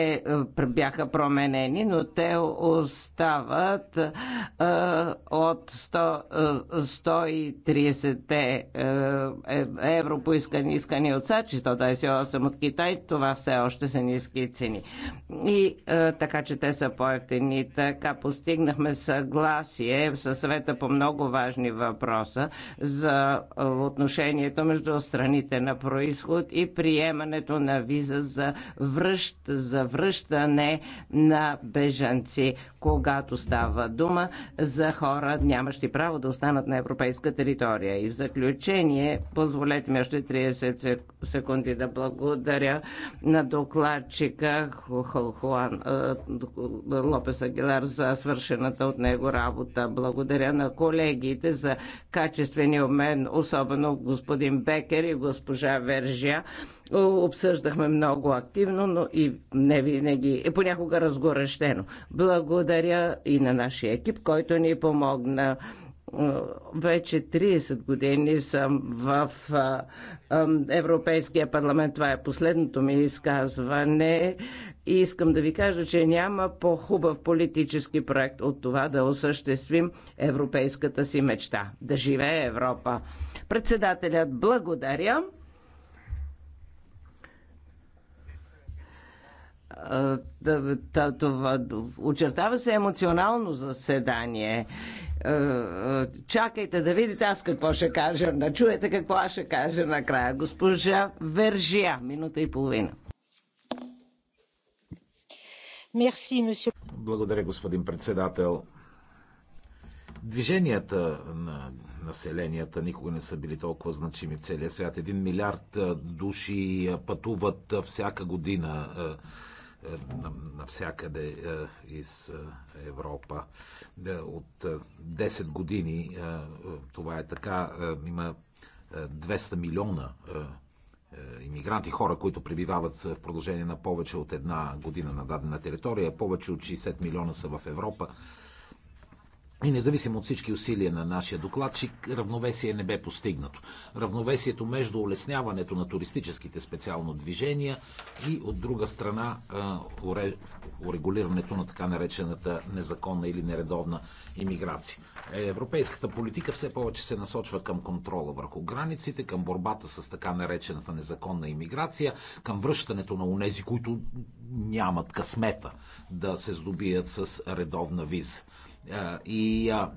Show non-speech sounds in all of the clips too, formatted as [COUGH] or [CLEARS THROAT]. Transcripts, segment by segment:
Е, е, бяха променени, но те остават е, от 130 евро по искани от САД, 128 от Китай, това все още са ниски цени. И така, че те са по-ефтини. Така постигнахме съгласие в света по много важни въпроса за отношението между страните на происход и приемането на виза за връщ, за връщане на бежанци, когато става дума за хора, нямащи право да останат на европейска територия. И в заключение, позволете ми още 30 секунди да благодаря на докладчика Хуан Лопес Агилар за свършената от него работа. Благодаря на колегите за качествени обмен, особено господин Бекер и госпожа Вержия обсъждахме много активно, но и не винаги, е понякога разгорещено. Благодаря и на нашия екип, който ни помогна вече 30 години съм в Европейския парламент. Това е последното ми изказване. И искам да ви кажа, че няма по-хубав политически проект от това да осъществим европейската си мечта. Да живее Европа! Председателят благодаря. Е, е, това, очертава се емоционално заседание. Е, чакайте да видите аз какво ще кажа, да чуете какво аз ще кажа накрая. Госпожа Вержия, минута и половина. Благодаря, господин председател. Движенията на населенията никога не са били толкова значими в целия свят. Един милиард души пътуват всяка година навсякъде е, из е, Европа. Е, от 10 години това е така. Има 200 милиона иммигранти, хора, които пребивават в продължение на повече от една година на дадена територия. Повече от 60 милиона са в Европа. И независимо от всички усилия на нашия докладчик, равновесие не бе постигнато. Равновесието между улесняването на туристическите специално движения и от друга страна урегулирането на така наречената незаконна или нередовна иммиграция. Е, европейската политика все повече се насочва към контрола върху границите, към борбата с така наречената незаконна иммиграция, към връщането на унези, които нямат късмета да се здобият с редовна виза. Е, и а,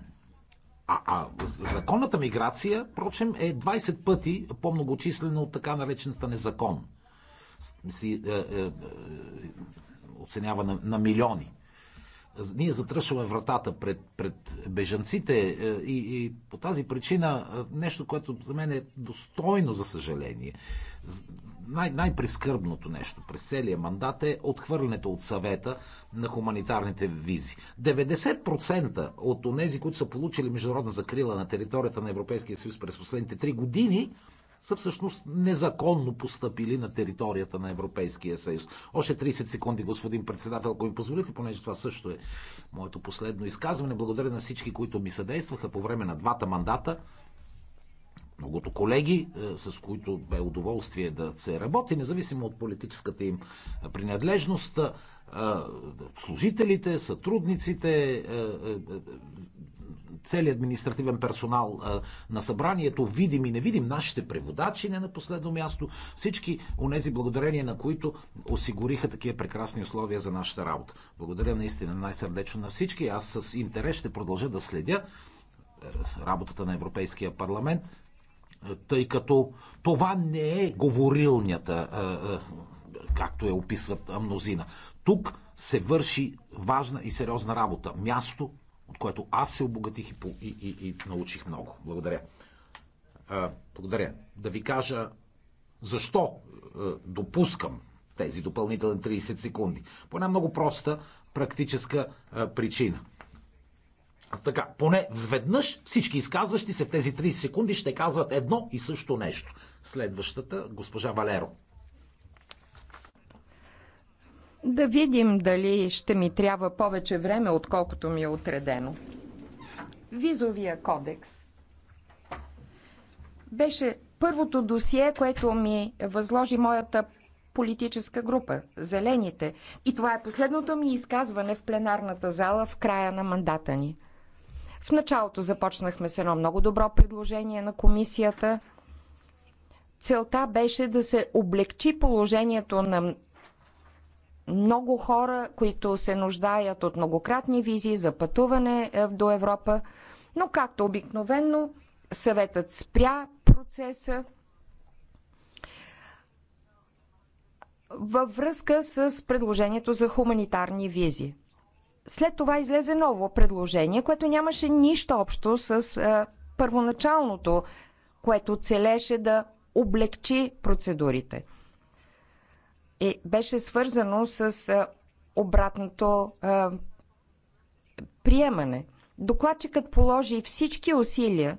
а законната миграция, впрочем, е 20 пъти по-многочислена от така наречената незакон Си, е, е, е, оценява на, на милиони. Ние затръшваме вратата пред, пред бежанците е, и, и по тази причина е, нещо, което за мен е достойно за съжаление най- най нещо през целия мандат е отхвърлянето от съвета на хуманитарните визи. 90% от онези, които са получили международна закрила на територията на Европейския съюз през последните 3 години, са всъщност незаконно постъпили на територията на Европейския съюз. Още 30 секунди, господин председател, ако ми позволите, понеже това също е моето последно изказване. Благодаря на всички, които ми съдействаха по време на двата мандата многото колеги, е, с които бе удоволствие да се работи, независимо от политическата им принадлежност, е, служителите, сътрудниците, е, целият административен персонал на събранието, видим и невидим, нашите преводачи не на последно място, всички онези благодарения, на които осигуриха такива прекрасни условия за нашата работа. Благодаря наистина най-сърдечно на всички. Аз с интерес ще продължа да следя работата на Европейския парламент тъй като това не е говорилнята, както я описват мнозина. Тук се върши важна и сериозна работа. Място, от което аз се обогатих и, и, и, и научих много. Благодаря. благодаря. Да ви кажа защо допускам тези допълнителни 30 секунди. По една много проста практическа причина. Така, поне взведнъж всички изказващи се в тези 30 секунди ще казват едно и също нещо. Следващата, госпожа Валеро. Да видим дали ще ми трябва повече време, отколкото ми е отредено. Визовия кодекс беше първото досие, което ми възложи моята политическа група Зелените. И това е последното ми изказване в пленарната зала в края на мандата ни. В началото започнахме с едно много добро предложение на комисията. Целта беше да се облегчи положението на много хора, които се нуждаят от многократни визи за пътуване е, до Европа. Но както обикновено, съветът спря процеса във връзка с предложението за хуманитарни визи след това излезе ново предложение, което нямаше нищо общо с а, е, първоначалното, което целеше да облегчи процедурите. И беше свързано с а, е, обратното а, е, приемане. Докладчикът положи всички усилия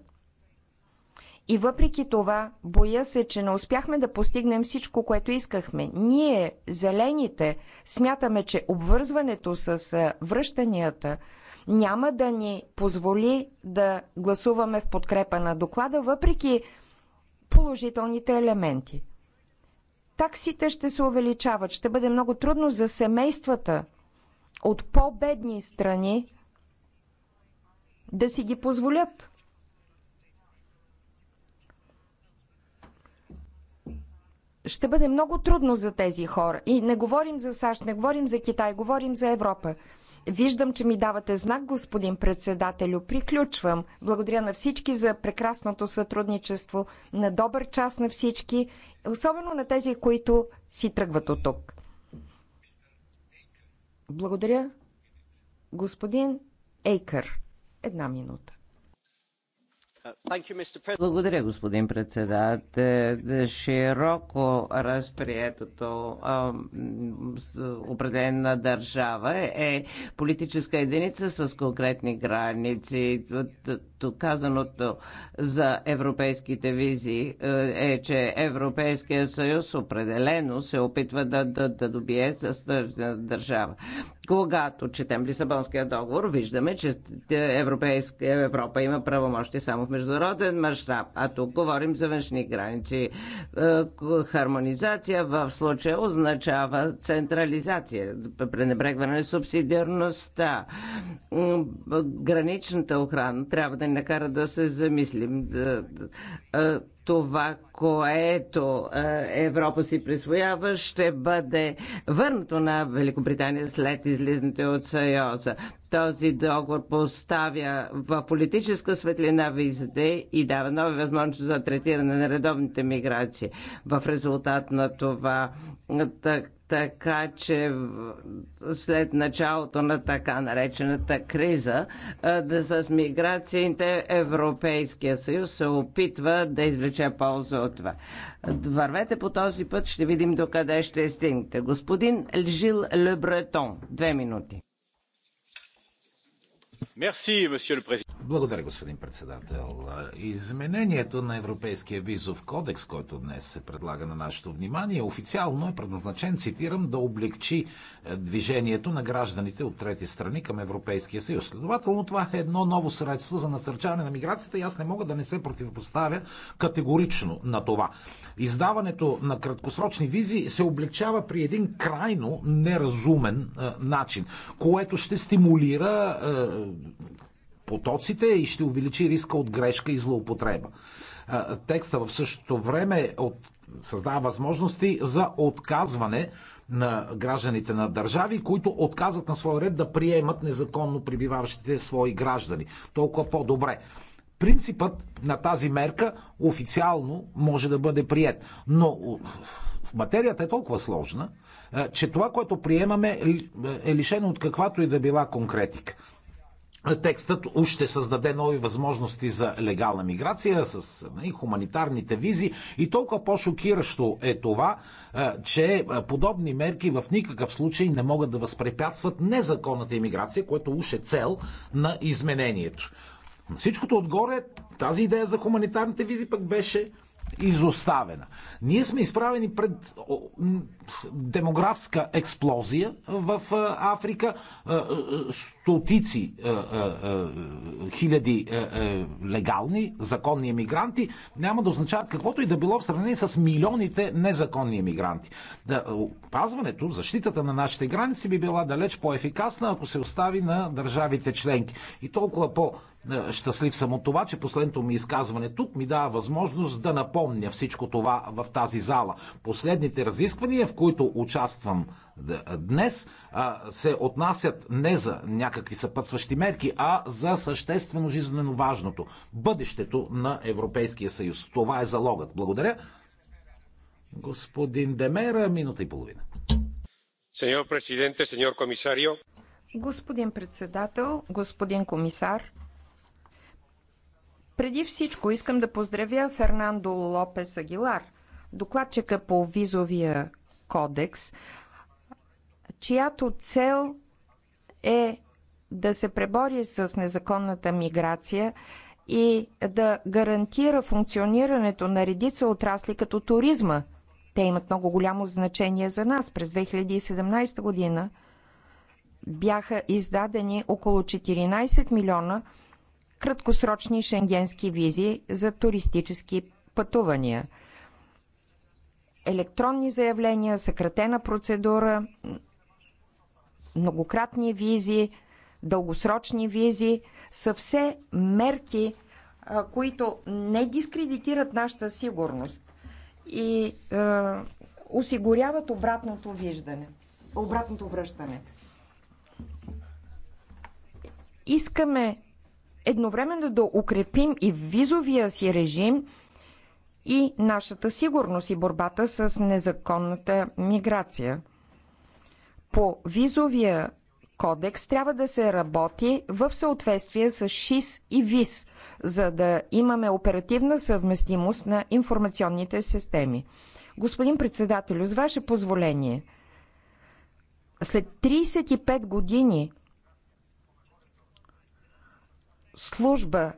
и въпреки това, боя се, че не успяхме да постигнем всичко, което искахме. Ние, зелените, смятаме, че обвързването с връщанията няма да ни позволи да гласуваме в подкрепа на доклада, въпреки положителните елементи. Таксите ще се увеличават, ще бъде много трудно за семействата от по-бедни страни да си ги позволят. ще бъде много трудно за тези хора. И не говорим за САЩ, не говорим за Китай, говорим за Европа. Виждам, че ми давате знак, господин председателю. Приключвам. Благодаря на всички за прекрасното сътрудничество, на добър час на всички, особено на тези, които си тръгват от тук. Благодаря. Господин Ейкър. Една минута. Благодаря, господин председател. Широко разприетото определена държава е политическа единица с конкретни граници. Казаното за европейските визии е, е че Европейския съюз определено се опитва да, да, да добие с държава. Когато четем Лисабонския договор, виждаме, че е, Европейска Европа има правомощи само в международен мащаб, а тук говорим за външни граници. Е, хармонизация в случая означава централизация, пренебрегване на субсидиарността. Граничната охрана трябва да ни накара да се замислим е, е, това, което е, Европа си присвоява, ще бъде върнато на Великобритания след излизането от Съюза. Този договор поставя в политическа светлина визите и дава нови възможности за третиране на редовните миграции. В резултат на това така. Така че след началото на така наречената криза да с миграциите Европейския съюз се опитва да извлече полза от това. Вървете по този път, ще видим докъде ще стигнете. Господин Жил Лебретон, две минути. Благодаря, господин председател. Изменението на Европейския визов кодекс, който днес се предлага на нашето внимание, официално е предназначен, цитирам, да облегчи е, движението на гражданите от трети страни към Европейския съюз. Следователно, това е едно ново средство за насърчаване на миграцията и аз не мога да не се противопоставя категорично на това. Издаването на краткосрочни визи се облегчава при един крайно неразумен е, начин, което ще стимулира е, потоците и ще увеличи риска от грешка и злоупотреба. Текста в същото време от, създава възможности за отказване на гражданите на държави, които отказват на своя ред да приемат незаконно прибиваващите свои граждани. Толкова по-добре. Принципът на тази мерка официално може да бъде прият. Но материята е толкова сложна, че това, което приемаме, е, е лишено от каквато и да била конкретика текстът уж ще създаде нови възможности за легална миграция с и нали, хуманитарните визи. И толкова по-шокиращо е това, е, че е, подобни мерки в никакъв случай не могат да възпрепятстват незаконната иммиграция, което уж е цел на изменението. На всичкото отгоре тази идея за хуманитарните визи пък беше изоставена. Ние сме изправени пред демографска експлозия в Африка. Стотици хиляди легални, законни емигранти няма да означават каквото и да било в сравнение с милионите незаконни емигранти. Опазването, защитата на нашите граници би била далеч по-ефикасна, ако се остави на държавите членки. И толкова по- е, щастлив съм от това, че последното ми изказване тук ми дава възможност да напомня всичко това в тази зала. Последните разисквания, в които участвам днес, се отнасят не за някакви съпътстващи мерки, а за съществено жизненно важното бъдещето на Европейския съюз. Това е залогът. Благодаря. Господин Демера, минута и половина. Господин председател, господин комисар, преди всичко искам да поздравя Фернандо Лопес Агилар, докладчика по визовия кодекс, чиято цел е да се пребори с незаконната миграция и да гарантира функционирането на редица отрасли като туризма. Те имат много голямо значение за нас. През 2017 година бяха издадени около 14 милиона краткосрочни шенгенски визи за туристически пътувания. Електронни заявления, съкратена процедура, многократни визи, дългосрочни визи са все мерки, които не дискредитират нашата сигурност и е, осигуряват обратното виждане, обратното връщане. Искаме едновременно да укрепим и визовия си режим и нашата сигурност и борбата с незаконната миграция. По визовия кодекс трябва да се работи в съответствие с ШИС и ВИС, за да имаме оперативна съвместимост на информационните системи. Господин председателю, с ваше позволение, след 35 години служба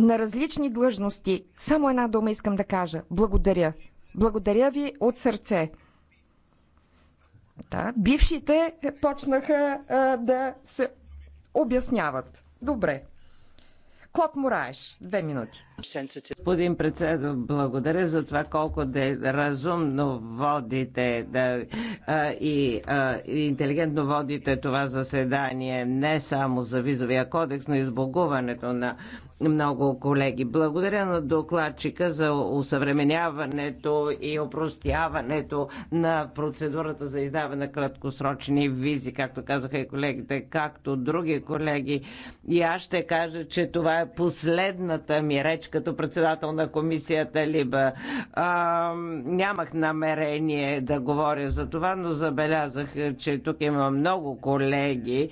на различни длъжности. Само една дума искам да кажа. Благодаря. Благодаря ви от сърце. Да, бившите почнаха а, да се обясняват. Добре. Клод Мораеш, две минути. Господин председател, благодаря за това колко де разумно водите да, а, и, а, интелигентно водите това заседание не само за визовия кодекс, но и сбогуването на много колеги. Благодаря на докладчика за усъвременяването и опростяването на процедурата за издаване на краткосрочни визи, както казаха и колегите, както други колеги. И аз ще кажа, че това е последната ми реч като председател на комисията Либа. А, нямах намерение да говоря за това, но забелязах, че тук има много колеги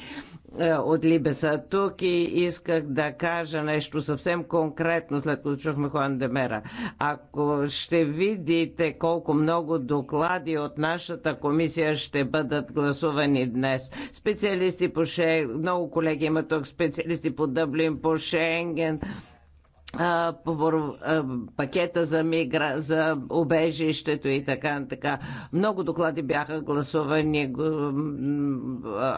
е, от Либеса тук и исках да кажа нещо нещо съвсем конкретно, след като чухме Хуан Демера. Ако ще видите колко много доклади от нашата комисия ще бъдат гласувани днес. Специалисти по Шенген, много колеги имат тук, специалисти по Дъблин, по Шенген, пакета за, мигра, за обежището и така, така. Много доклади бяха гласувани.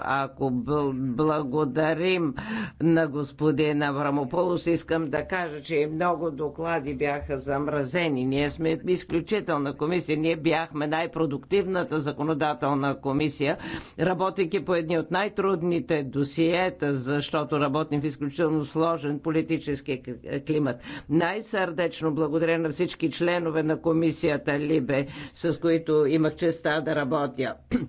Ако благодарим на господин Аврамополос, искам да кажа, че и много доклади бяха замразени. Ние сме изключителна комисия. Ние бяхме най-продуктивната законодателна комисия, работейки по едни от най-трудните досиета, защото работим в изключително сложен политически климат имат. Най-сърдечно благодаря на всички членове на комисията Либе, с които имах честа да работя [CLEARS THROAT]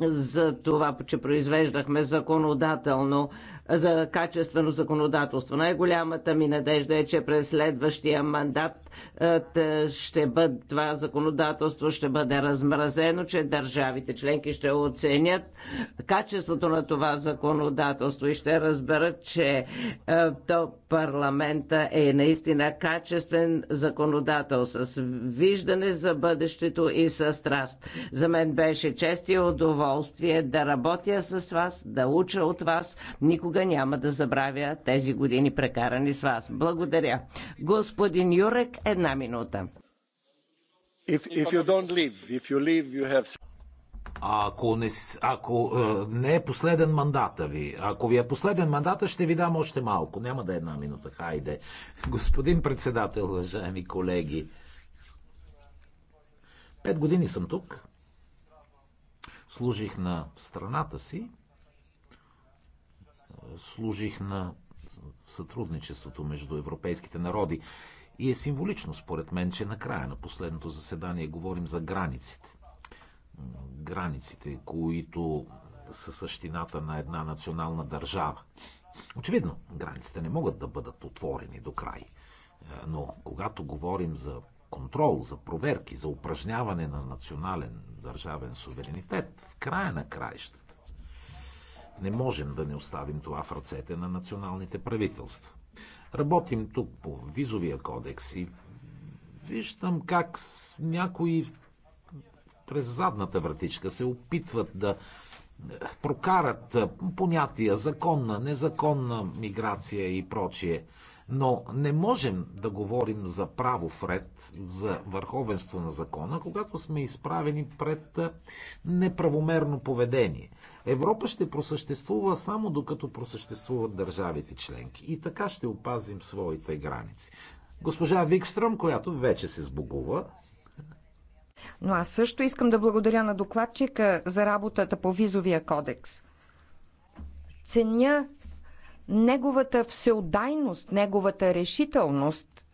за това, че произвеждахме законодателно за качествено законодателство. Най-голямата ми надежда е, че през следващия мандат е, ще бъд, това законодателство ще бъде размразено, че държавите членки ще оценят качеството на това законодателство и ще разберат, че е, то парламента е наистина качествен законодател с виждане за бъдещето и с страст. За мен беше чест и удоволствие да работя с вас, да уча от вас. Никога никога няма да забравя тези години прекарани с вас. Благодаря. Господин Юрек, една минута. Ако, не, ако е, не е последен мандата ви, ако ви е последен мандата, ще ви дам още малко. Няма да е една минута. Хайде. Господин председател, уважаеми колеги, пет години съм тук. Служих на страната си служих на сътрудничеството между европейските народи. И е символично, според мен, че накрая на последното заседание говорим за границите. Границите, които са същината на една национална държава. Очевидно, границите не могат да бъдат отворени до край. Но когато говорим за контрол, за проверки, за упражняване на национален държавен суверенитет, в края на краищата, не можем да не оставим това в ръцете на националните правителства. Работим тук по визовия кодекс и виждам как някои през задната вратичка се опитват да е, прокарат е, понятия законна, незаконна миграция и прочие – но не можем да говорим за право ред, за върховенство на закона, когато сме изправени пред неправомерно поведение. Европа ще просъществува само докато просъществуват държавите членки. И така ще опазим своите граници. Госпожа Викстром, която вече се сбогува, но аз също искам да благодаря на докладчика за работата по визовия кодекс. Ценя неговата всеодайност, неговата решителност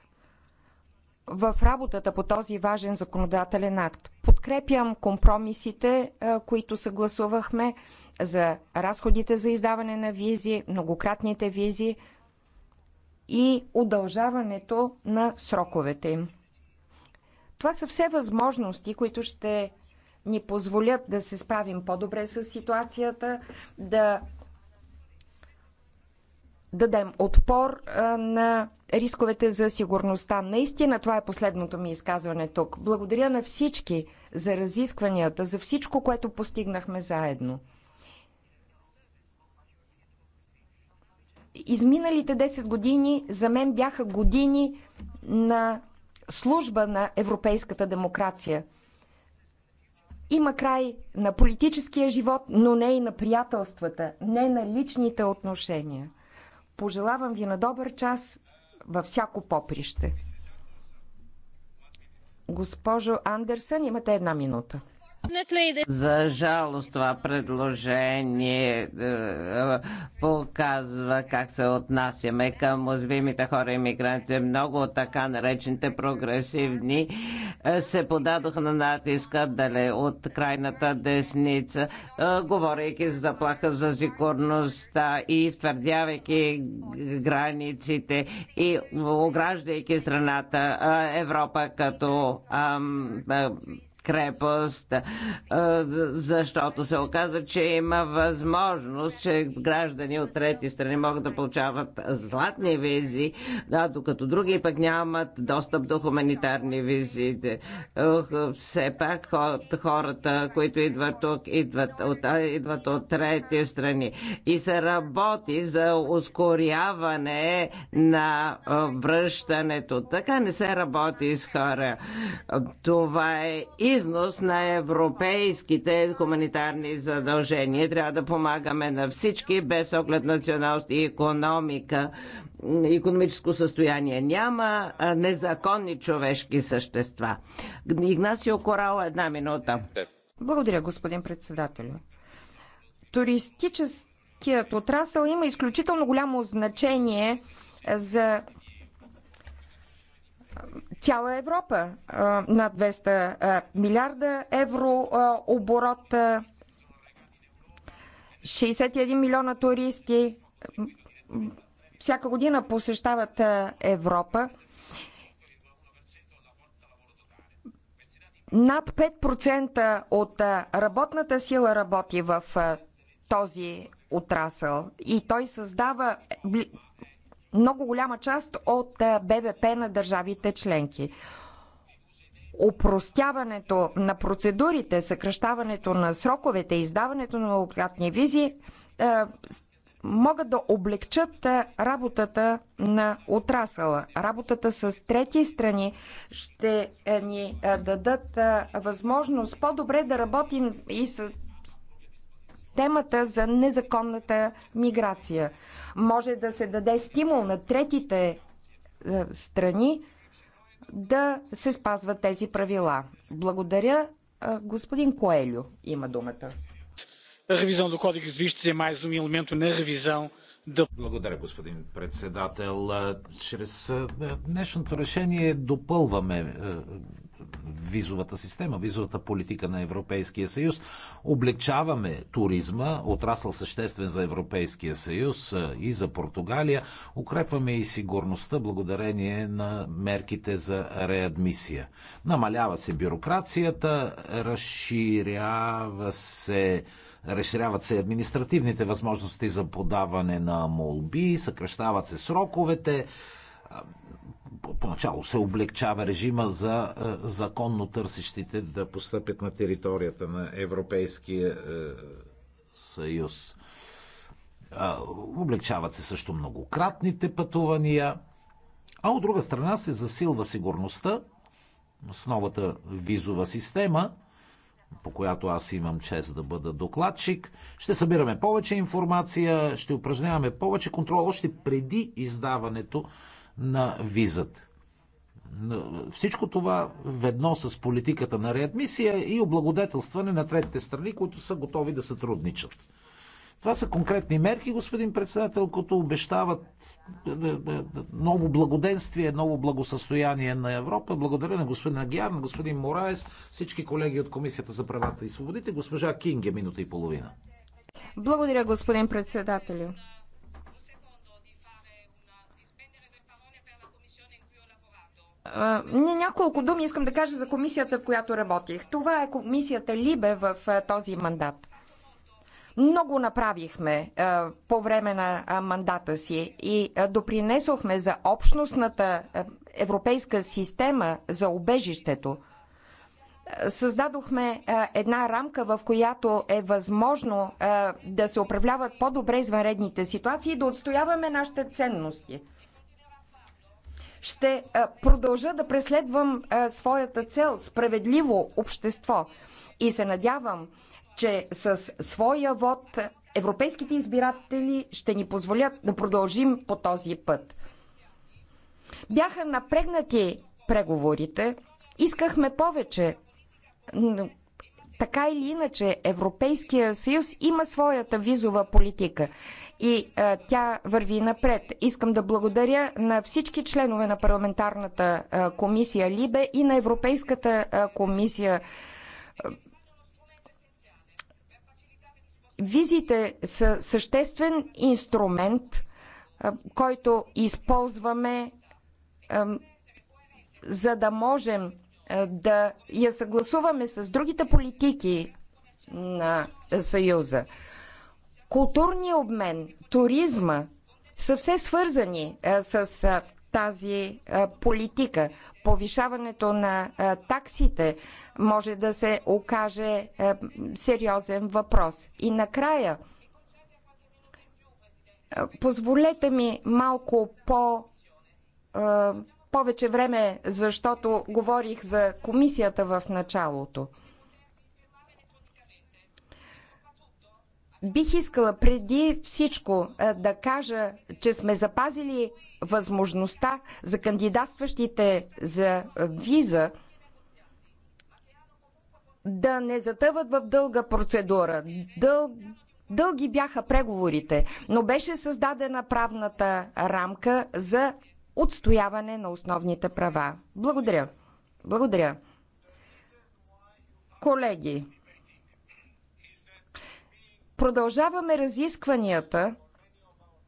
в работата по този важен законодателен акт. Подкрепям компромисите, е, които съгласувахме за разходите за издаване на визи, многократните визи и удължаването на сроковете им. Това са все възможности, които ще ни позволят да се справим по-добре с ситуацията, да дадем отпор на рисковете за сигурността. Наистина това е последното ми изказване тук. Благодаря на всички за разискванията, за всичко, което постигнахме заедно. Изминалите 10 години за мен бяха години на служба на европейската демокрация. Има край на политическия живот, но не и на приятелствата, не на личните отношения. Пожелавам ви на добър час във всяко поприще. Госпожо Андерсън, имате една минута. За жалост това предложение е, е, показва как се отнасяме към уязвимите хора и мигрантите. Много от така наречените прогресивни е, се подадоха на натиска дале от крайната десница, говорейки за заплаха за сигурността и втвърдявайки границите и ограждайки страната Европа като ам, крепост, защото се оказа, че има възможност, че граждани от трети страни могат да получават златни визи, да, докато други пък нямат достъп до хуманитарни визи. Все пак хората, които идват тук, идват от, идват от трети страни и се работи за ускоряване на връщането. Така не се работи с хора. Това е и износ на европейските хуманитарни задължения. Трябва да помагаме на всички, без оглед националност и економика. Економическо състояние няма, незаконни човешки същества. Игнасио Корал, една минута. Благодаря, господин председател. Туристическият отрасъл има изключително голямо значение за цяла Европа. Над 200 милиарда евро оборот, 61 милиона туристи всяка година посещават Европа. Над 5% от работната сила работи в този отрасъл и той създава много голяма част от БВП на държавите членки. Опростяването на процедурите, съкръщаването на сроковете, издаването на многократни визи могат да облегчат работата на отрасъла. Работата с трети страни ще ни дадат възможност по-добре да работим и с темата за незаконната миграция. Може да се даде стимул на третите е, страни да се спазват тези правила. Благодаря. Е, господин Коелю има думата. Ревизион до Кодик, вижте се май за um на ревизион да. Благодаря, господин председател. Е, чрез днешното решение допълваме визовата система, визовата политика на Европейския съюз. Облегчаваме туризма, отрасъл съществен за Европейския съюз и за Португалия. Укрепваме и сигурността благодарение на мерките за реадмисия. Намалява се бюрокрацията, разширява се Разширяват се административните възможности за подаване на молби, съкръщават се сроковете, поначало се облегчава режима за е, законно търсещите да постъпят на територията на Европейския е, съюз. Облегчават се също многократните пътувания, а от друга страна се засилва сигурността с новата визова система, по която аз имам чест да бъда докладчик. Ще събираме повече информация, ще упражняваме повече контрол още преди издаването на визата. Всичко това ведно с политиката на реадмисия и облагодетелстване на третите страни, които са готови да сътрудничат. Това са конкретни мерки, господин председател, които обещават е, е, е, ново благоденствие, ново благосъстояние на Европа. Благодаря на господин Агиар, на господин Мораес, всички колеги от Комисията за правата и свободите. Госпожа Кинге, минута и половина. Благодаря, господин председателю. Няколко думи искам да кажа за комисията, в която работих. Това е комисията Либе в този мандат. Много направихме по време на мандата си и допринесохме за общностната европейска система за убежището. Създадохме една рамка, в която е възможно да се управляват по-добре извънредните ситуации и да отстояваме нашите ценности – ще продължа да преследвам своята цел справедливо общество и се надявам, че с своя вод европейските избиратели ще ни позволят да продължим по този път. Бяха напрегнати преговорите, искахме повече, така или иначе Европейския съюз има своята визова политика и а, тя върви напред. Искам да благодаря на всички членове на парламентарната а, комисия Либе и на Европейската а, комисия. Визите са съществен инструмент, а, който използваме, а, за да можем е, да я съгласуваме с другите политики на Съюза. Културния обмен, туризма са все свързани е, с е, тази политика. Повишаването на таксите може да се окаже сериозен въпрос. И накрая, позволете ми малко по повече време, защото говорих за комисията в началото. Бих искала преди всичко е, да кажа, че сме запазили възможността за кандидатстващите за виза да не затъват в дълга процедура. Дъл... Дълги бяха преговорите, но беше създадена правната рамка за отстояване на основните права. Благодаря. Благодаря. Колеги, продължаваме разискванията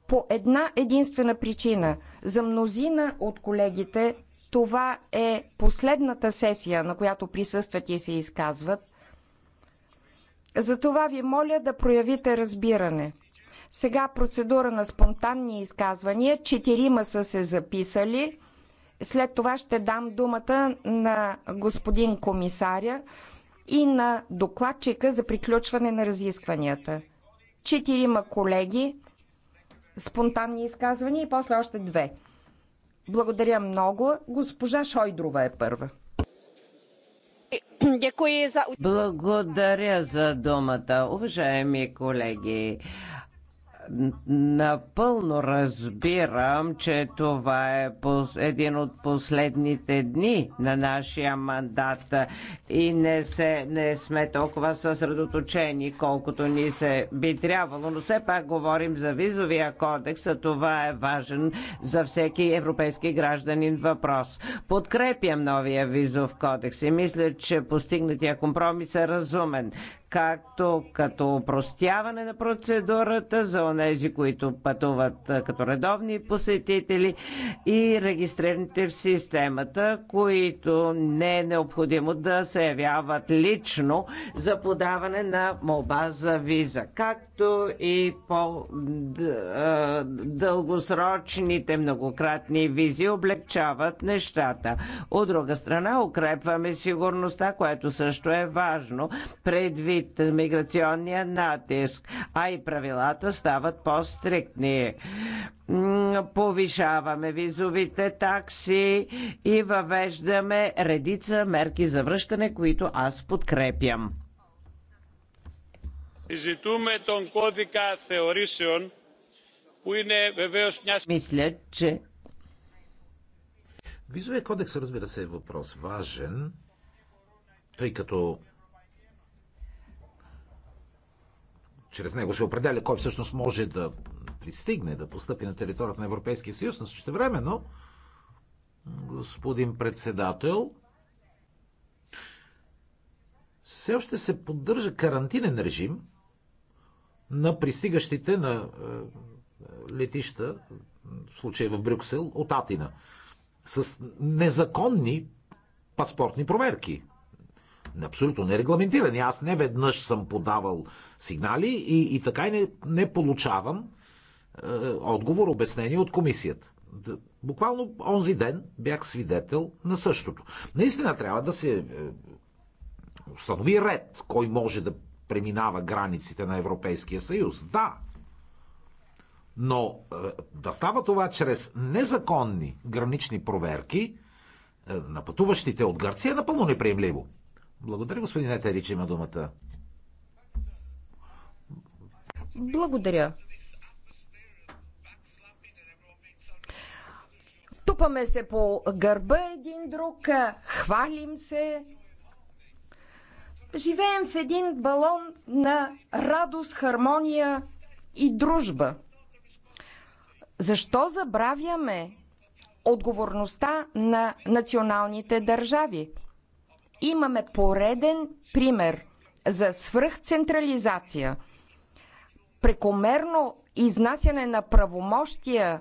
по една единствена причина. За мнозина от колегите това е последната сесия, на която присъстват и се изказват. Затова ви моля да проявите разбиране. Сега процедура на спонтанни изказвания. Четирима са се записали. След това ще дам думата на господин комисаря и на докладчика за приключване на разискванията. Четирима колеги, спонтанни изказвания и после още две. Благодаря много. Госпожа Шойдрова е първа. Благодаря за думата, уважаеми колеги. Напълно разбирам, че това е един от последните дни на нашия мандат и не, се, не сме толкова съсредоточени, колкото ни се би трябвало, но все пак говорим за визовия кодекс, а това е важен за всеки европейски гражданин въпрос. Подкрепям новия визов кодекс и мисля, че постигнатия компромис е разумен както като упростяване на процедурата за онези, които пътуват като редовни посетители и регистрираните в системата, които не е необходимо да се явяват лично за подаване на молба за виза, както и по дългосрочните многократни визи облегчават нещата. От друга страна, укрепваме сигурността, което също е важно предвид миграционния натиск, а и правилата стават по-стриктни. Повишаваме визовите такси и въвеждаме редица мерки за връщане, които аз подкрепям. Изитуме тон кодика теорисион, που е βεβαίως μια... Мисля, че Визовия кодекс, разбира се, е въпрос важен, тъй като чрез него се определя кой всъщност може да пристигне, да постъпи на територията на Европейския съюз, но също време, но господин председател, все още се поддържа карантинен режим на пристигащите на е, летища, в случая в Брюксел, от Атина, с незаконни паспортни проверки абсолютно нерегламентирани. Аз не веднъж съм подавал сигнали и, и така и не, не получавам е, отговор, обяснение от комисията. Буквално онзи ден бях свидетел на същото. Наистина трябва да се е, установи ред, кой може да преминава границите на Европейския съюз. Да, но е, да става това чрез незаконни гранични проверки е, на пътуващите от Гърция е напълно неприемливо. Благодаря, господин Етерич, има думата. Благодаря. Тупаме се по гърба един друг, хвалим се. Живеем в един балон на радост, хармония и дружба. Защо забравяме отговорността на националните държави? имаме пореден пример за свръхцентрализация, прекомерно изнасяне на правомощия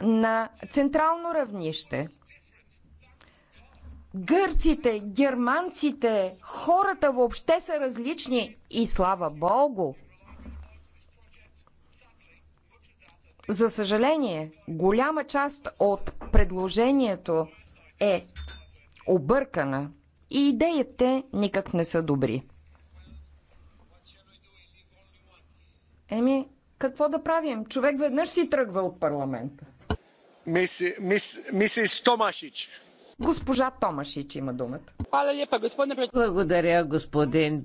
на централно равнище. Гърците, германците, хората въобще са различни и слава Богу. За съжаление, голяма част от предложението е объркана и идеите никак не са добри. Еми, какво да правим? Човек веднъж си тръгва от парламента. Мис, мис, мисис Томашич. Госпожа Томашич има думата. Благодаря, господин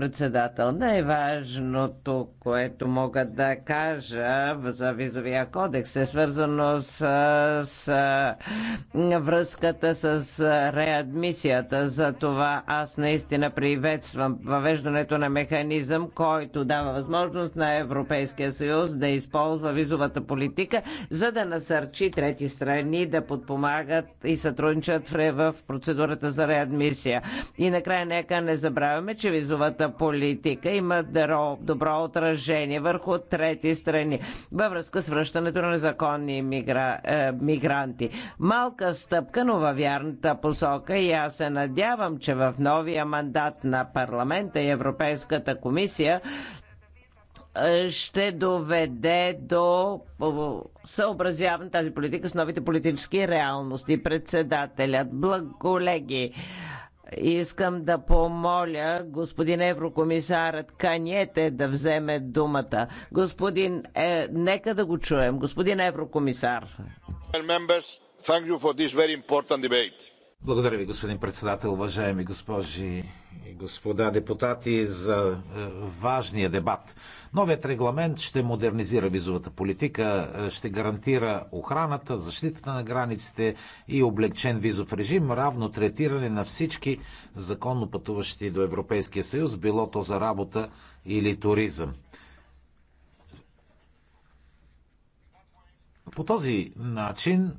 председател. Най-важното, което мога да кажа за визовия кодекс е свързано с, с връзката с реадмисията. За това аз наистина приветствам въвеждането на механизъм, който дава възможност на Европейския съюз да използва визовата политика, за да насърчи трети страни да подпомагат и сътрудничат в, в процедурата за реадмисия. И накрая нека не забравяме, че визовата политика има добро отражение върху трети страни във връзка с връщането на незаконни мигра... Е, мигранти. Малка стъпка, но във вярната посока и аз се надявам, че в новия мандат на парламента и Европейската комисия ще доведе до съобразяване тази политика с новите политически реалности. Председателят, благолеги, искам да помоля господин еврокомисарът Каньете да вземе думата. Господин, е, нека да го чуем. Господин еврокомисар. Members, thank you for this very important debate. Благодаря ви, господин председател, уважаеми госпожи и господа депутати, за е, важния дебат. Новият регламент ще модернизира визовата политика, е, ще гарантира охраната, защитата на границите и облегчен визов режим, равно третиране на всички законно пътуващи до Европейския съюз, било то за работа или туризъм. По този начин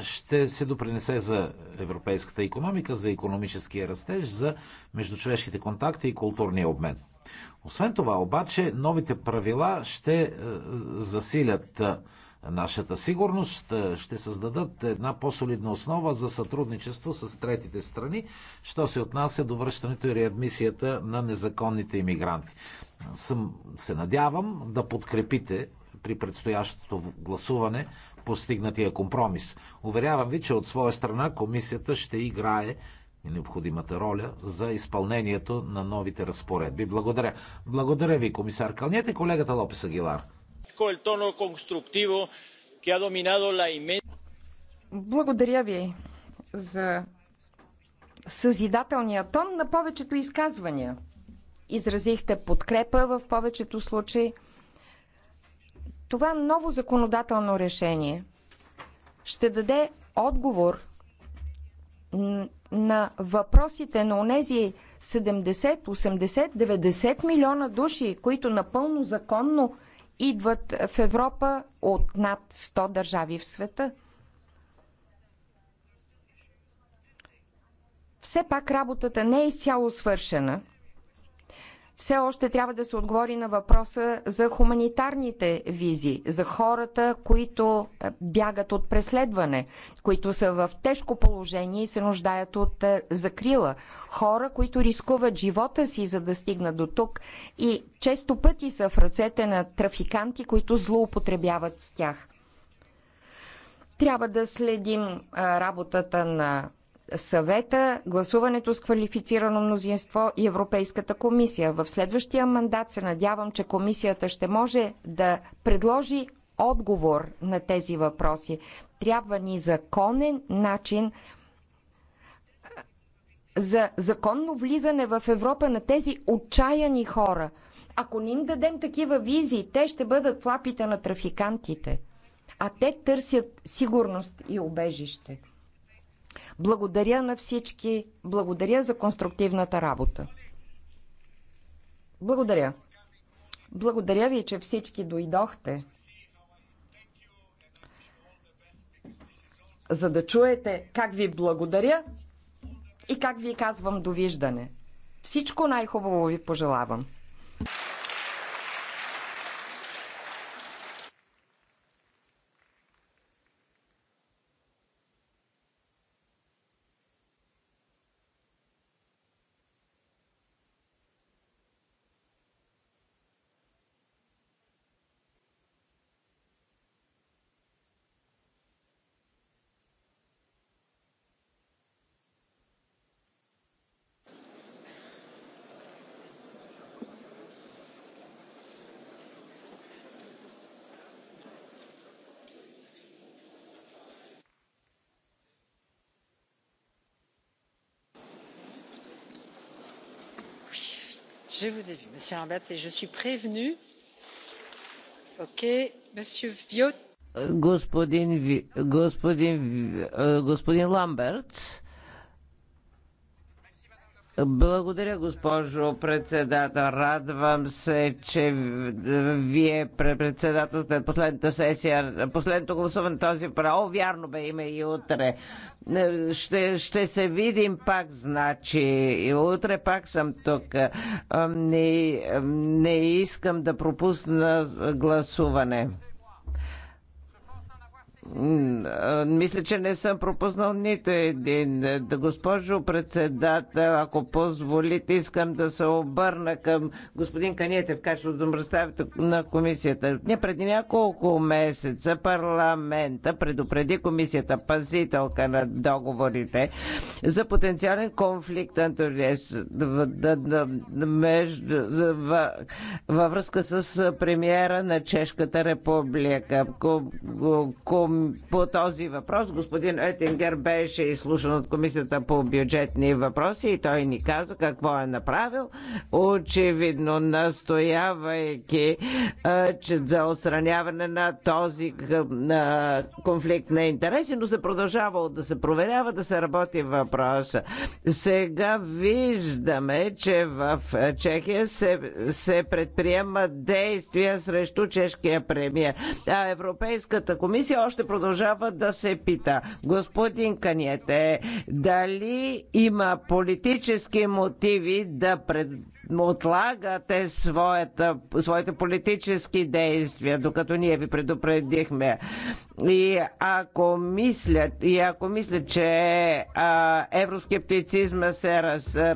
ще се допринесе за европейската економика, за економическия растеж, за междучовешките контакти и културния обмен. Освен това, обаче, новите правила ще е, засилят е, нашата сигурност, е, ще създадат една по-солидна основа за сътрудничество с третите страни, що се отнася до връщането и реадмисията на незаконните иммигранти. Съм, се надявам да подкрепите при предстоящото гласуване постигнатия компромис. Уверявам ви, че от своя страна комисията ще играе необходимата роля за изпълнението на новите разпоредби. Благодаря. Благодаря ви, комисар Кълнете, колегата Лопес Агилар. Е е Благодаря ви за съзидателния тон на повечето изказвания. Изразихте подкрепа в повечето случаи. Това ново законодателно решение ще даде отговор на въпросите на онези 70, 80, 90 милиона души, които напълно законно идват в Европа от над 100 държави в света. Все пак работата не е изцяло свършена все още трябва да се отговори на въпроса за хуманитарните визи, за хората, които е, бягат от преследване, които са в тежко положение и се нуждаят от е, закрила. Хора, които рискуват живота си, за да стигнат до тук и често пъти са в ръцете на трафиканти, които злоупотребяват с тях. Трябва да следим е, работата на съвета, гласуването с квалифицирано мнозинство и Европейската комисия. В следващия мандат се надявам, че комисията ще може да предложи отговор на тези въпроси. Трябва ни законен начин за законно влизане в Европа на тези отчаяни хора. Ако не им дадем такива визии, те ще бъдат флапите на трафикантите. А те търсят сигурност и убежище. Благодаря на всички. Благодаря за конструктивната работа. Благодаря. Благодаря ви, че всички дойдохте. За да чуете как ви благодаря и как ви казвам довиждане. Всичко най-хубаво ви пожелавам. je vous ai vu monsieur Lamberts et je suis prévenue. Ok, monsieur Viot. Господин, господин, господин Ламбертс, благодаря, госпожо председател. Радвам се, че вие председателствате последната сесия, последното гласуване този право О, вярно бе, има и утре. Ще, ще се видим пак, значи. И утре пак съм тук. Не, не искам да пропусна гласуване. Мисля, че не съм пропуснал нито един. Госпожо председател, ако позволите, искам да се обърна към господин Каниете в качеството да представител на комисията. Не преди няколко месеца парламента предупреди комисията, пазителка на договорите, за потенциален конфликт между, във връзка с премиера на Чешката република. ком, по този въпрос. Господин Етингер беше изслушан от Комисията по бюджетни въпроси и той ни каза какво е направил, очевидно настоявайки че за отстраняване на този на конфликт на интереси, но се продължава да се проверява, да се работи въпроса. Сега виждаме, че в Чехия се, се предприемат действия срещу чешкия премиер. А Европейската комисия още продължава да се пита. Господин Каниете, дали има политически мотиви да пред отлагате своята, своите политически действия, докато ние ви предупредихме. И ако мислят, и ако мислят че а, евроскептицизма се раз, а,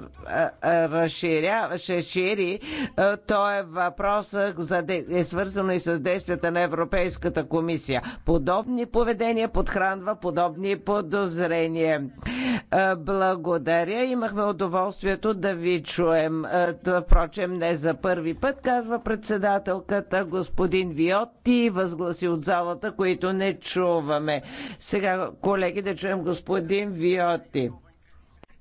разширява, ще шири, а, то е въпросът за, е свързано и с действията на Европейската комисия. Подобни поведения подхранва подобни подозрения. Е, благодаря. Имахме удоволствието да ви чуем. Е, впрочем, не за първи път, казва председателката господин Виотти, възгласи от залата, които не чуваме. Сега, колеги, да чуем господин Виотти.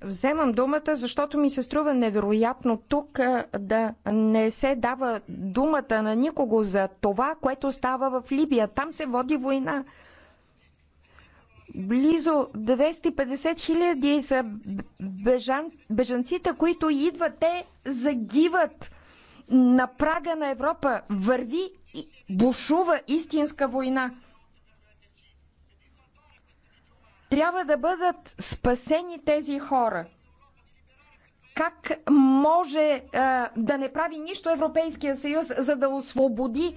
Вземам думата, защото ми се струва невероятно тук е, да не се дава думата на никого за това, което става в Либия. Там се води война. Близо 250 хиляди са бежан, бежанците, които идват, те загиват на прага на Европа. Върви и бушува истинска война. Трябва да бъдат спасени тези хора. Как може а, да не прави нищо Европейския съюз, за да освободи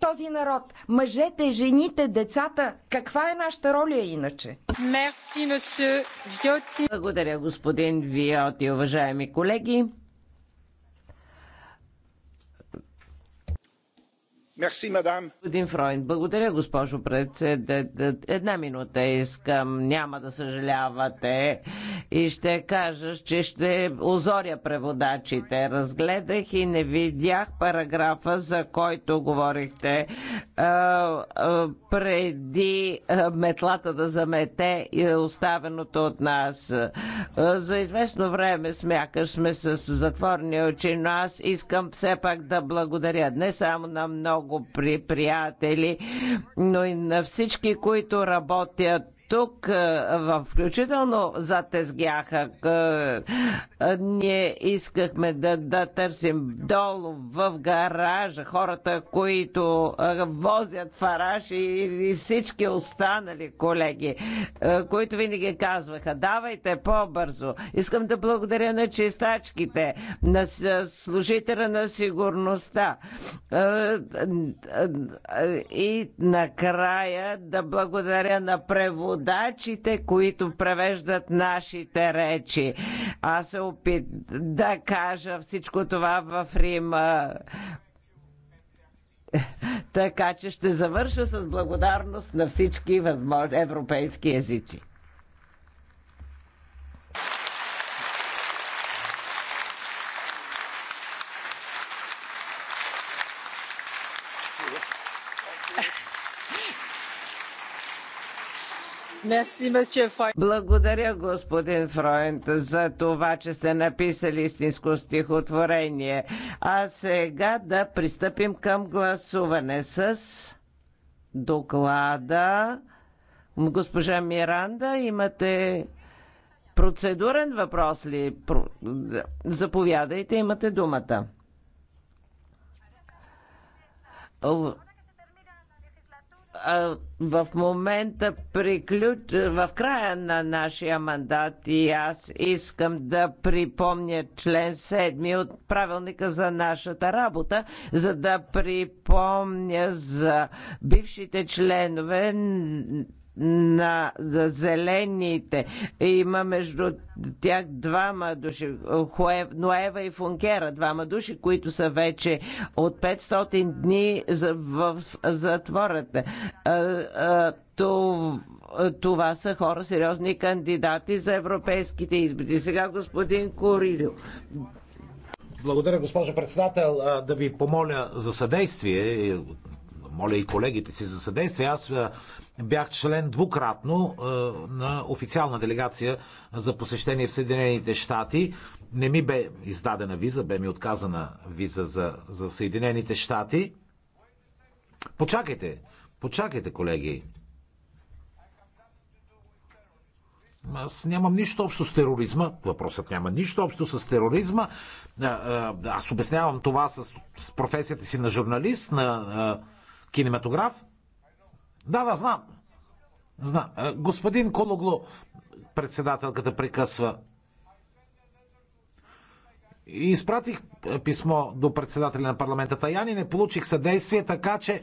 този народ. Мъжете, жените, децата. Каква е нашата роля иначе? Благодаря, господин Виоти, уважаеми колеги. Мерси, мадам. Господин Фройн, благодаря, госпожо председател. Една минута искам, няма да съжалявате. И ще кажа, че ще озоря преводачите. Разгледах и не видях параграфа, за който говорихте а, а, преди а, метлата да замете и оставеното от нас. А, за известно време смякаш сме с затворни очи, но аз искам все пак да благодаря не само на много много при приятели, но и на всички, които работят тук, включително за тезгяха, ние искахме да, да търсим долу в гаража хората, които возят фараж и, и всички останали колеги, които винаги казваха, давайте по-бързо. Искам да благодаря на чистачките, на служителя на сигурността и накрая да благодаря на превод преводачите, които превеждат нашите речи. Аз се опит да кажа всичко това в Рима. Така че ще завърша с благодарност на всички възможни европейски езици. Благодаря, господин Фройнт, за това, че сте написали истинско стихотворение. А сега да пристъпим към гласуване с доклада. Госпожа Миранда, имате процедурен въпрос ли? Заповядайте, имате думата в момента приключ... в края на нашия мандат и аз искам да припомня член 7 от правилника за нашата работа, за да припомня за бившите членове на за зелените. Има между тях двама души, Хуев, Ноева и Функера, двама души, които са вече от 500 дни в затвората. Това, това са хора, сериозни кандидати за европейските избори. Сега господин Корилю. Благодаря, госпожо председател. Да ви помоля за съдействие моля и колегите си за съдействие. Аз е, бях член двукратно е, на официална делегация за посещение в Съединените щати. Не ми бе издадена виза, бе ми отказана виза за, за Съединените щати. Почакайте, почакайте, колеги. Аз нямам нищо общо с тероризма. Въпросът няма нищо общо с тероризма. Е, аз обяснявам това с, професията си на журналист, на кинематограф. Да, да, знам. Знам. Е, господин Кологло, председателката прекъсва. И изпратих е, писмо до председателя на парламента Таяни, не получих съдействие, така че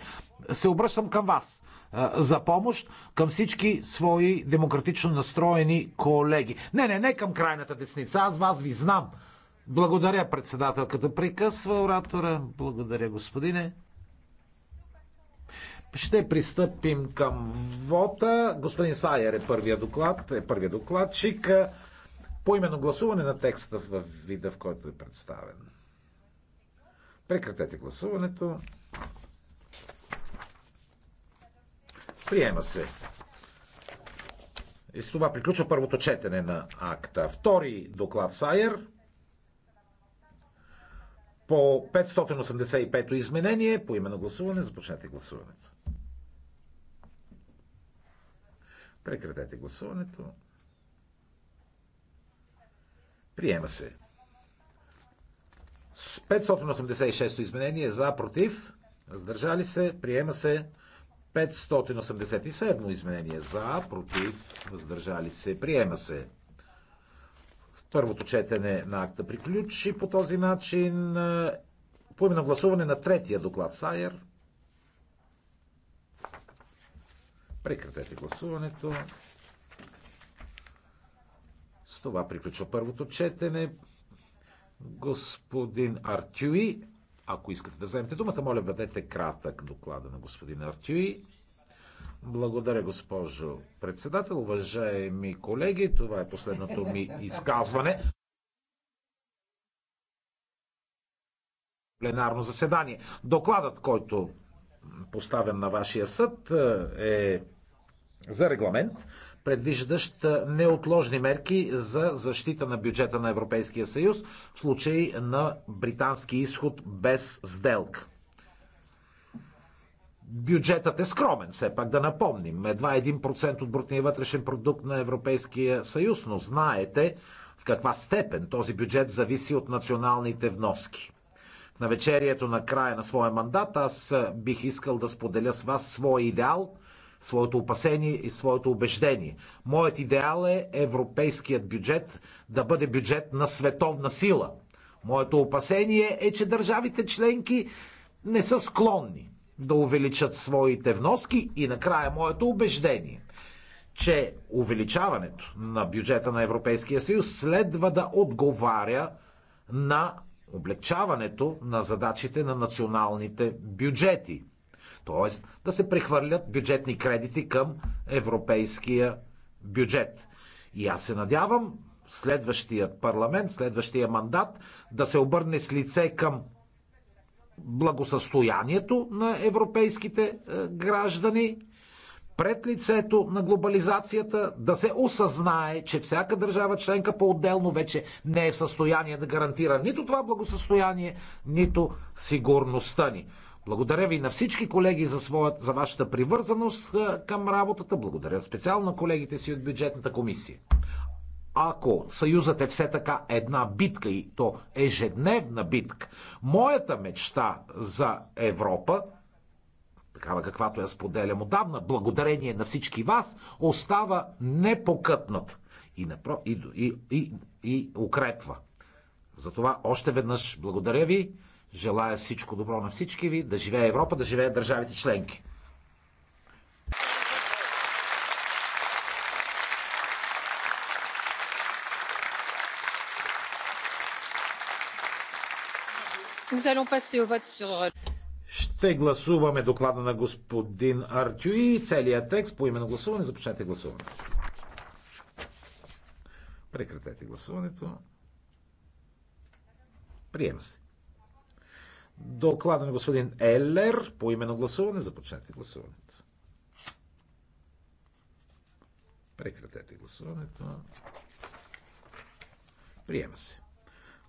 се обръщам към вас е, за помощ, към всички свои демократично настроени колеги. Не, не, не към крайната десница, аз вас ви знам. Благодаря, председателката. Прекъсва оратора. Благодаря, господине. Ще пристъпим към вота. Господин Сайер е първия доклад, е първия докладчик. По именно гласуване на текста в вида, в който е представен. Прекратете гласуването. Приема се. И с това приключва първото четене на акта. Втори доклад Сайер по 585 изменение, по именно гласуване, започнете гласуването. Прекратете гласуването. Приема се. 586 изменение за, против, въздържали се, приема се. 587 изменение за, против, въздържали се, приема се. Първото четене на акта приключи по този начин. Поименно гласуване на третия доклад Сайер. Прекратете гласуването. С това приключва първото четене. Господин Артюи, ако искате да вземете думата, моля бъдете кратък доклада на господин Артюи. Благодаря, госпожо председател. Уважаеми колеги, това е последното ми изказване. Пленарно заседание. Докладът, който поставям на вашия съд е за регламент, предвиждащ неотложни мерки за защита на бюджета на Европейския съюз в случай на британски изход без сделка. Бюджетът е скромен, все пак да напомним. Едва 1% от брутния вътрешен продукт на Европейския съюз, но знаете в каква степен този бюджет зависи от националните вноски на вечерието на края на своя мандат, аз бих искал да споделя с вас своя идеал, своето опасение и своето убеждение. Моят идеал е европейският бюджет да бъде бюджет на световна сила. Моето опасение е, че държавите членки не са склонни да увеличат своите вноски и накрая моето убеждение че увеличаването на бюджета на Европейския съюз следва да отговаря на облегчаването на задачите на националните бюджети. Тоест да се прехвърлят бюджетни кредити към европейския бюджет. И аз се надявам следващият парламент, следващия мандат да се обърне с лице към благосъстоянието на европейските е, граждани пред лицето на глобализацията да се осъзнае, че всяка държава членка по-отделно вече не е в състояние да гарантира нито това благосъстояние, нито сигурността ни. Благодаря ви на всички колеги за, своят, за вашата привързаност към работата. Благодаря специално на колегите си от бюджетната комисия. Ако съюзът е все така една битка и то ежедневна битка, моята мечта за Европа такава каквато я споделям отдавна, благодарение на всички вас, остава непокътнат и, напро... и, и, и, и укрепва. Затова още веднъж благодаря ви, желая всичко добро на всички ви, да живее Европа, да живее държавите членки. Nous allons passer au vote sur ще гласуваме доклада на господин Артю и целият текст по именно гласуване. Започнете гласуване. Прекратете гласуването. Приема се. Доклада на господин Елер по именно гласуване. Започнете гласуването. Прекратете гласуването. Приема се.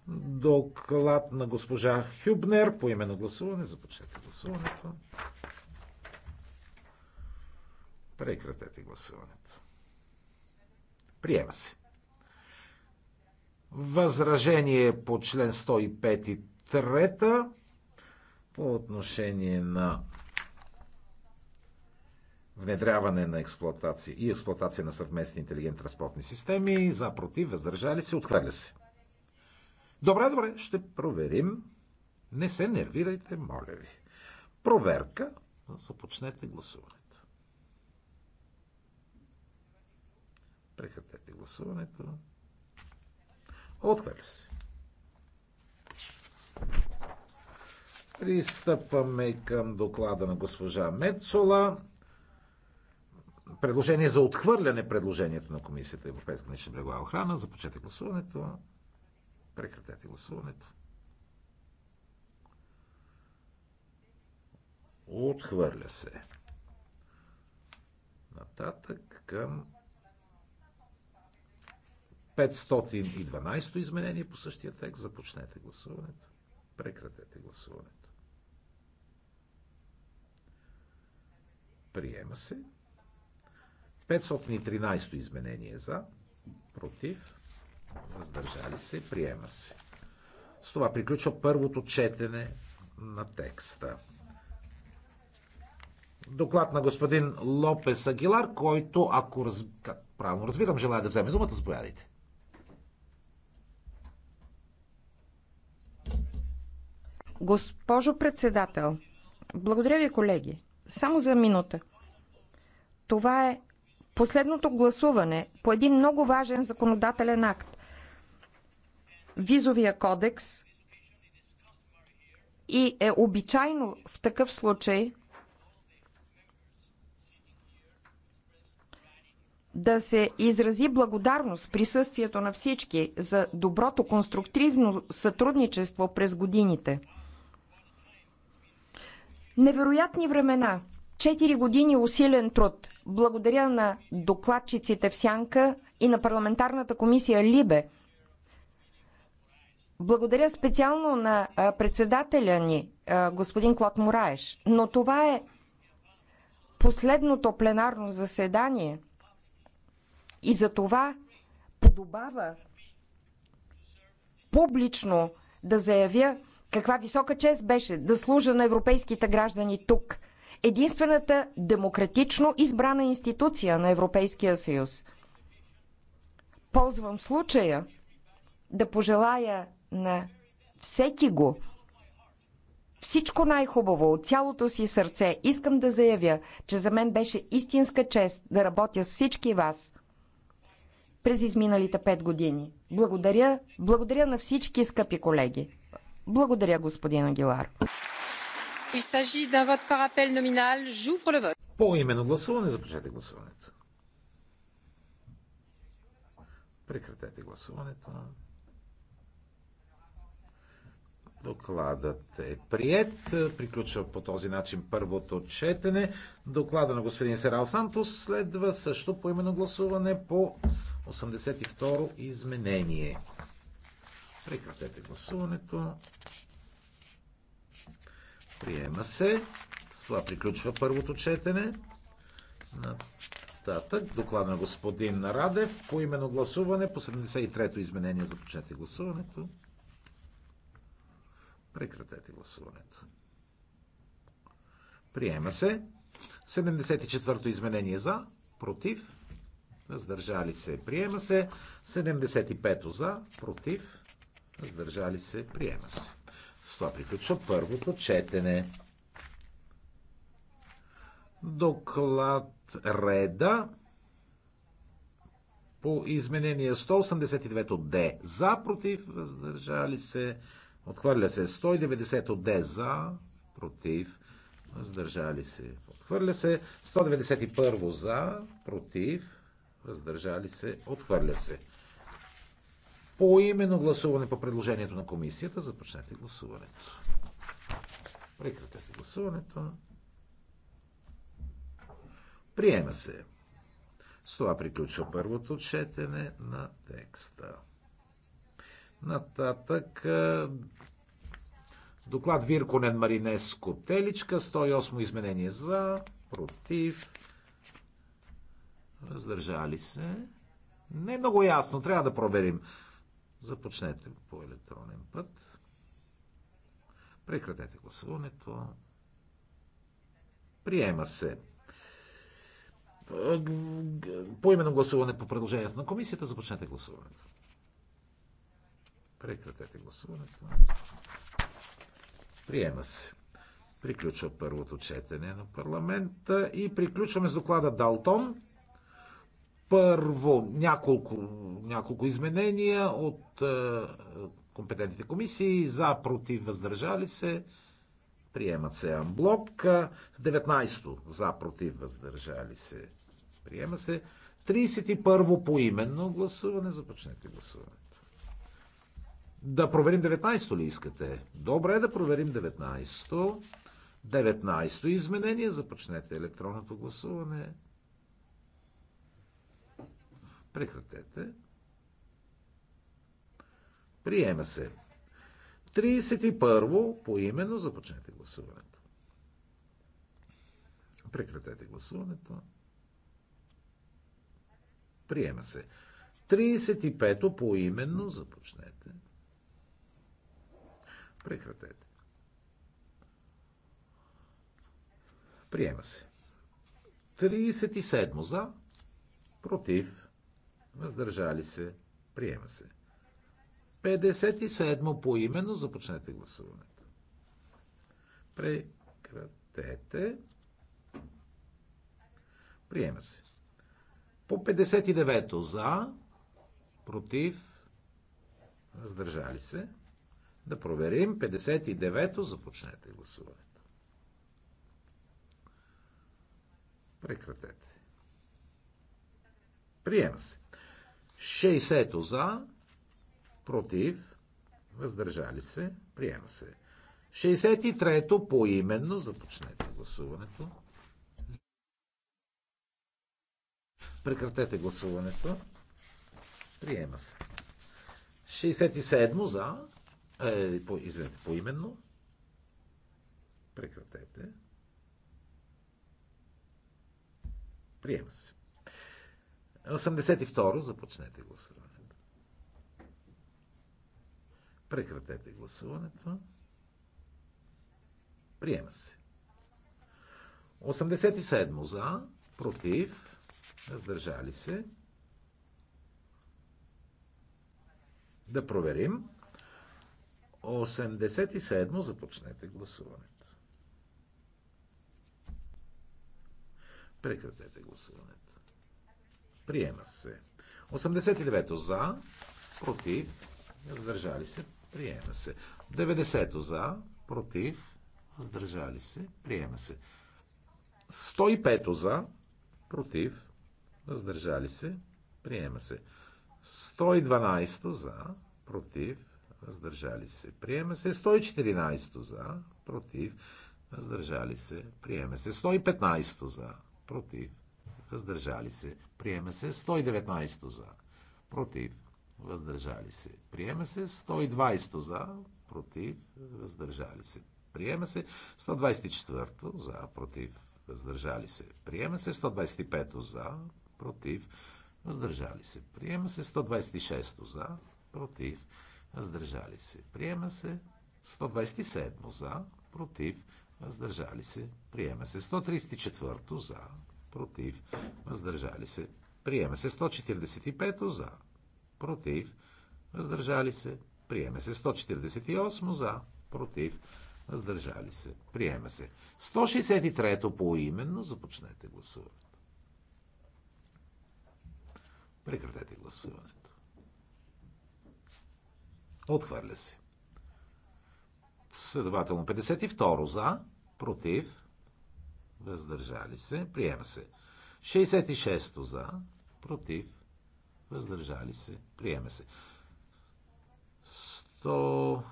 Доклад на госпожа Хюбнер по на гласуване. Започнете гласуването. Прекратете гласуването. Приема се. Възражение по член 105 и 3 по отношение на внедряване на експлуатация и експлуатация на съвместни интелигентни транспортни системи. За, против, въздържали се, отхвърля се. Добре, добре, ще проверим. Не се нервирайте, моля ви. Проверка. Започнете гласуването. Прекратете гласуването. Отхвърля се. Пристъпваме към доклада на госпожа Мецола. Предложение за отхвърляне предложението на Комисията Европейска нечебрегова охрана. Започнете гласуването. Прекратете гласуването. Отхвърля се. Нататък към 512 то изменение по същия текст. Започнете гласуването. Прекратете гласуването. Приема се. 513 то изменение за. Против въздържали се, приема се. С това приключва първото четене на текста. Доклад на господин Лопес Агилар, който, ако раз... как правилно разбирам, желая да вземе думата, заповядайте. Госпожо председател, благодаря ви, колеги. Само за минута. Това е последното гласуване по един много важен законодателен акт визовия кодекс и е обичайно в такъв случай да се изрази благодарност в присъствието на всички за доброто конструктивно сътрудничество през годините. Невероятни времена. 4 години усилен труд. Благодаря на докладчиците в Сянка и на парламентарната комисия Либе – благодаря специално на председателя ни, господин Клод Мураеш, Но това е последното пленарно заседание и за това подобава публично да заявя каква висока чест беше да служа на европейските граждани тук. Единствената демократично избрана институция на Европейския съюз. Ползвам случая да пожелая на всеки го всичко най-хубаво от цялото си сърце. Искам да заявя, че за мен беше истинска чест да работя с всички вас през изминалите пет години. Благодаря, благодаря на всички скъпи колеги. Благодаря, господин Агилар. По именно гласуване, започнете гласуването. Прекратете гласуването. Докладът е прият. Приключва по този начин първото четене. Доклада на господин Серал Сантос следва също по именно гласуване по 82 ро изменение. Прекратете гласуването. Приема се. С това приключва първото четене. Нататък. Доклад на господин Радев по именно гласуване по 73-то изменение. Започнете гласуването. Прекратете гласуването. Приема се. 74-то изменение за, против, въздържали се, приема се. 75-то за, против, въздържали се, приема се. С това приключва първото четене. Доклад реда по изменение 182 Д. За, против, въздържали се, Отхвърля се 190 от Д за, против, въздържали се. Отхвърля се 191 за, против, въздържали се, отхвърля се. По именно гласуване по предложението на комисията започнете гласуването. Прекратете гласуването. Приема се. С това приключва първото четене на текста. Нататък е, доклад Вирконен Маринеско Теличка, 108 изменение за, против, въздържали се. Не е много ясно, трябва да проверим. Започнете по електронен път. Прекратете гласуването. Приема се. По именно гласуване по предложението на комисията започнете гласуването. Прекратете гласуването. Приема се. Приключва първото четене на парламента и приключваме с доклада Далтон. Първо няколко, няколко изменения от е, компетентните комисии за, против, въздържали се. Приемат се амблок. 19 за, против, въздържали се. Приема се. 31 поименно гласуване. Започнете гласуване. Да проверим 19-то ли искате? Добре, да проверим 19-то. 19-то изменение. Започнете електронното гласуване. Прекратете. Приема се. 31-во по именно започнете гласуването. Прекратете гласуването. Приема се. 35-то по именно започнете. Прекратете. Приема се. 37 за. Против. Въздържали се. Приема се. 57 по именно започнете гласуването. Прекратете. Приема се. По 59 за. Против. Въздържали се. Да проверим. 59-то. Започнете гласуването. Прекратете. Приема се. 60 за, против, въздържали се, приема се. 63-то поименно, започнете гласуването. Прекратете гласуването. Приема се. 67 за, е, по, извинете, поименно. Прекратете. Приема се. 82 започнете гласуването. Прекратете гласуването. Приема се. 87 за, против, Раздържали се. Да проверим. 87 започнете гласуването. Прекратете гласуването. Приема се. 89 за, против, въздържали се, приема се. 90 за, против, въздържали се, приема се. 105 за, против, въздържали се, приема се. 112 за, против, въздържали се, приема се. 114 за, против, въздържали се, приема се. 115 за, против, въздържали се, приема се. 119 за, против, въздържали се, приема се. 120 за, против, въздържали се, приема се. 124 за, против, въздържали се, приема се. 125 за, против, въздържали се, приема се. 126 за, против, въздържали се, приема се. 127 за, против, въздържали се, приема се. 134 за, против, въздържали се, приема се. 145 за, против, въздържали се, приема се. 148 за, против, въздържали се, приема се. 163-то поименно, започнете гласуването. Прекратете гласуването. Отхвърля се. Следователно 52 за, против, въздържали се, приема се. 66 за, против, въздържали се, приема се. 100...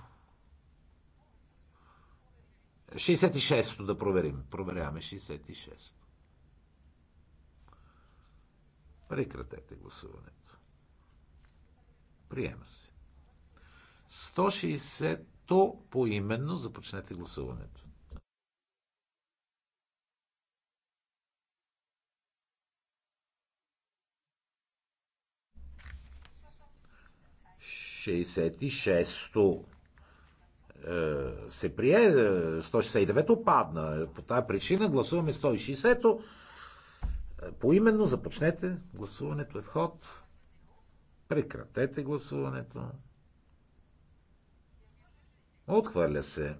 66-то да проверим. Проверяваме 66-то. Прекратете гласуването. Приема се. 160-то поименно започнете гласуването. Шестдесет шесто е, се прие, 169-то е, падна. Е, по тази причина гласуваме 160-то. Поименно започнете. Гласуването е в ход. Прекратете гласуването. Отхвърля се.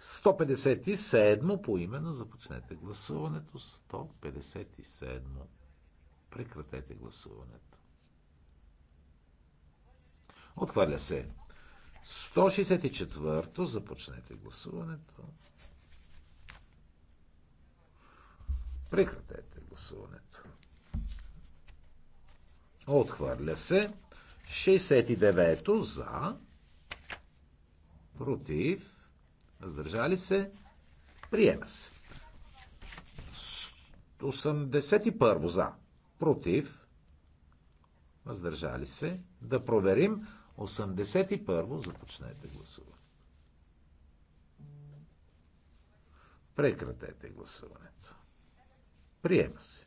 157 по имена. Започнете гласуването. 157. Прекратете гласуването. Отхвърля се. 164. Започнете гласуването. Прекратете гласуването. Отхвърля се. 69 за против, въздържали се, приема се. 81 за, против, въздържали се, да проверим 81 започнете гласуване. Прекратете гласуването. Приема се.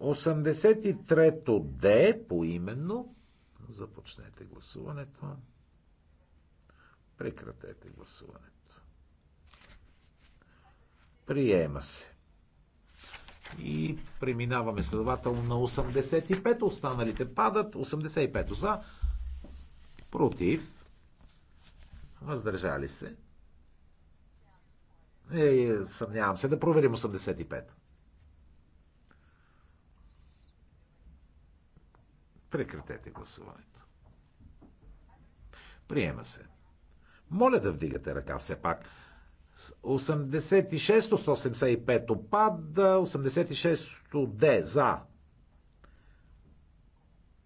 83-то Д поименно Започнете гласуването. Прекратете гласуването. Приема се. И преминаваме следователно на 85. Останалите падат. 85 за. Против. Въздържали се. Е, е съмнявам се да проверим 85. Прекратете гласуването. Приема се. Моля да вдигате ръка все пак. 86-то 175 опада, 86-то Д за.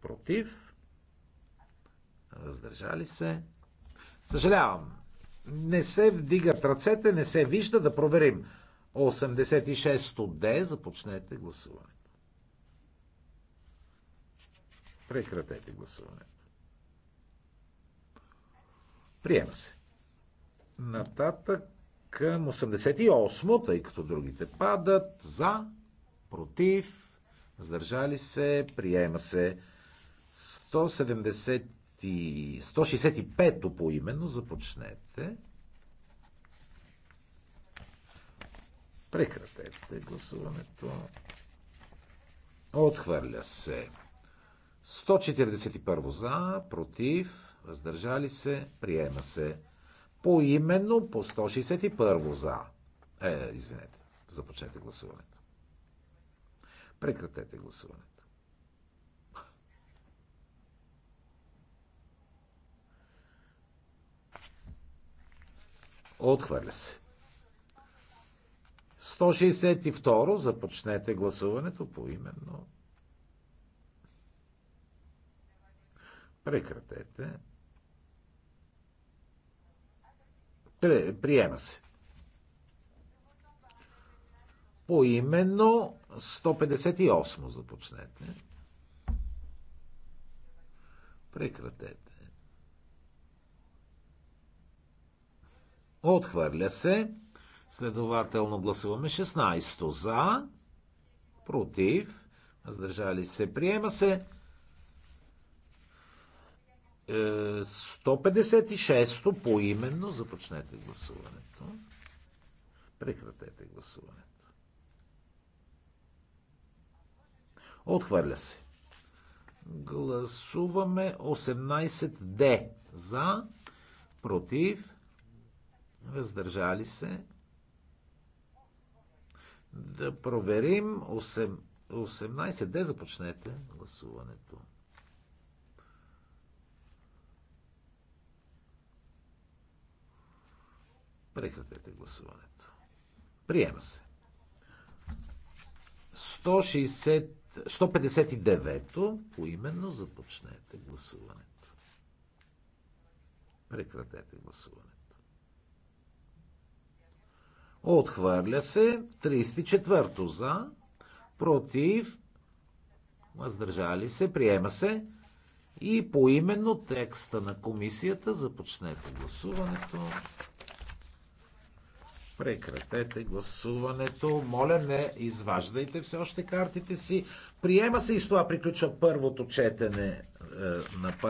Против. Въздържали се. Съжалявам. Не се вдигат ръцете, не се вижда. Да проверим. 86-то Д. Започнете гласуване. Прекратете гласуването. Приема се. Нататък към 88, тъй като другите падат, за, против, въздържали се, приема се 170 165-то именно, започнете. Прекратете гласуването. Отхвърля се. 141 за, против, въздържали се, приема се. По именно по 161 за. Е, извинете, започнете гласуването. Прекратете гласуването. Отхвърля се. 162 започнете гласуването по именно. Прекратете. Приема се. По именно 158 започнете. Прекратете. Отхвърля се. Следователно гласуваме 16 за, против, въздържали се, приема се. 156-то е, поименно започнете гласуването. Прекратете гласуването. Отхвърля се. Гласуваме 18D за, против, въздържали се. Да проверим 18D започнете гласуването. 18 Прекратете гласуването. Приема се. 159-то поименно започнете гласуването. Прекратете гласуването. Отхвърля се 34-то за, против, въздържали се, приема се и поименно текста на комисията започнете гласуването. Прекратете гласуването. Моля, не изваждайте все още картите си. Приема се и с това приключва първото четене е, на парламента.